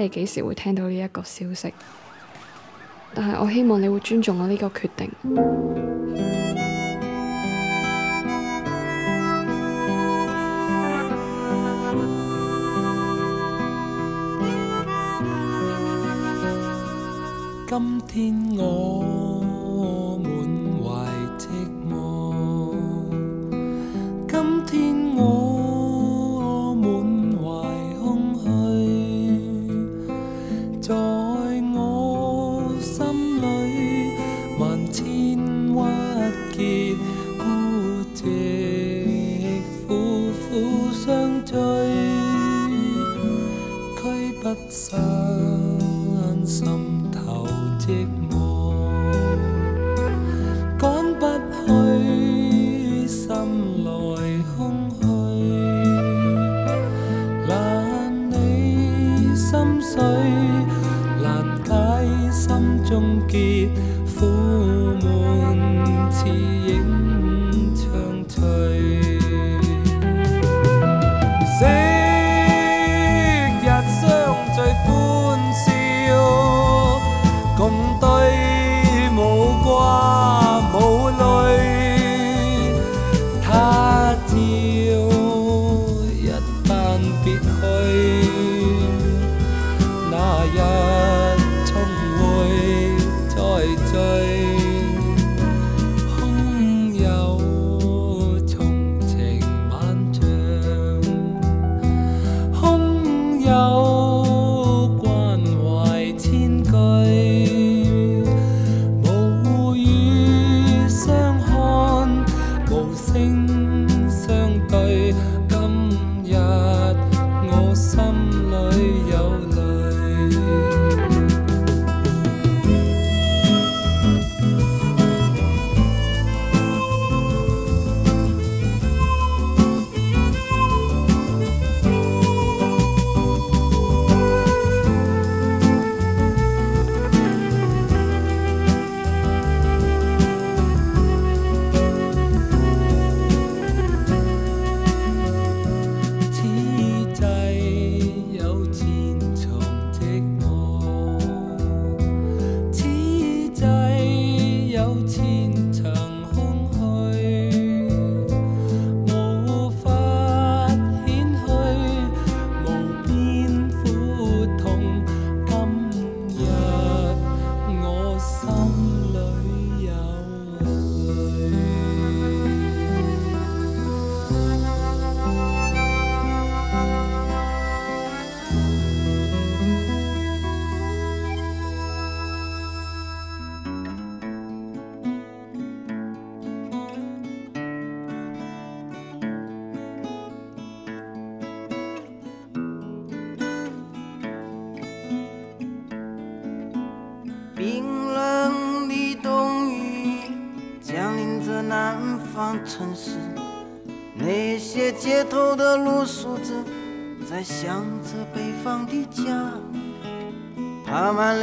你幾時會聽到呢一個消息？但係我希望你會尊重我呢個決定。 今天我滿懷寂寞。今天。